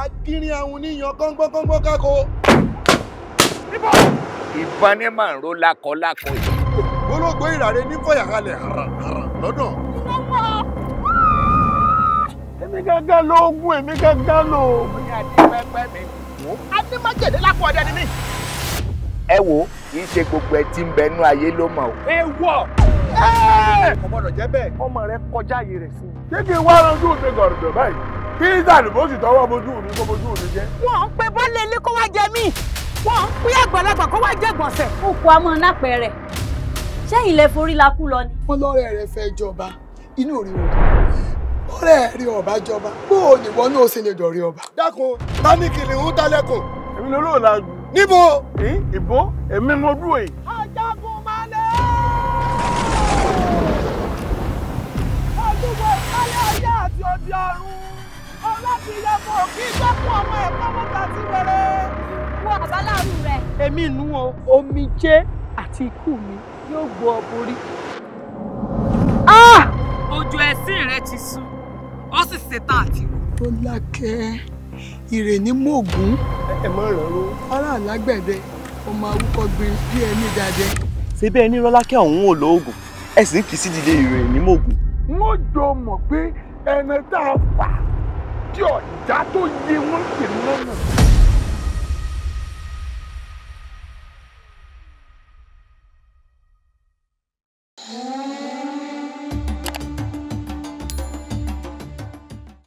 agirin àwọn oníyan kọ́ńgbọ́ńgbọ́ńgbọ́ kákó. ìbọn ní màá ń ro lákọlákọ yìí. gbólógbó ìràre ní fọyàkalẹ̀ hàràhàrà lọ́dọ̀. èmi gángan ló gún èmi gángan ló. adémájèlé lápò ọdẹ ni mí. ẹ wo kì í ṣe gbogbo ẹ tí ń bẹ nú ayé ló mọ o. ẹ wọ ọmọ rẹ jẹ bẹ́ẹ̀. ọmọ rẹ kọjá àyè rẹ sí ṣé kí n wá ranjú òde gọ̀rọ̀dọ̀ báyìí kí ìdàlùbọ́sì tọwọ́ bojú mi kó bojú mi jẹ́. wọ́n ń pe bọ́ọ̀lù ilé kó wá jẹ mí wọ́n ń pín àgbàlagbà kó wá jẹ gbọ̀nsẹ̀. òkú amọ nápẹrẹ ṣé ilẹ̀ forí la kú lọ ni. wọn lọ́rẹ́ rẹ fẹ́ jọba inú rí o ọ̀rẹ́ rí ọba jọba bó o nìwọ náà ṣe lè dọ̀rí ọba. dákun bá ní kìnìún dálẹ́kùn. èmi ló lóò la níbo. ìbò èmi mo dúró yìí. ajagun alábìyẹ mọ̀ kí gbẹ́kùn ọmọ ẹ̀kọ́ mọ́ta ti wẹ̀rẹ̀. wo àbáláàrú rẹ. èmi nù o omijé àti ikú mi yóò gbọ́ ọ borí. Ah! ojú ẹ̀sìn rẹ ti sùn ó sì ṣetán àti. tó lákẹ́ ìrè ní mògùn. ẹ mọ ìrànlọ. ará alágbẹ̀dẹ ọmọ awúkọ gbin bí ẹni dáadẹ. ṣé bẹ́ẹ̀ ní rọ́lákẹ́ ọ̀hún ò lóògùn ẹ̀sìn kìí sí ìrè ní mògùn. wọ́n jọ mọ̀ pé ẹni tá a fà tí tó yẹ wọ́n ń pè lọ́nà.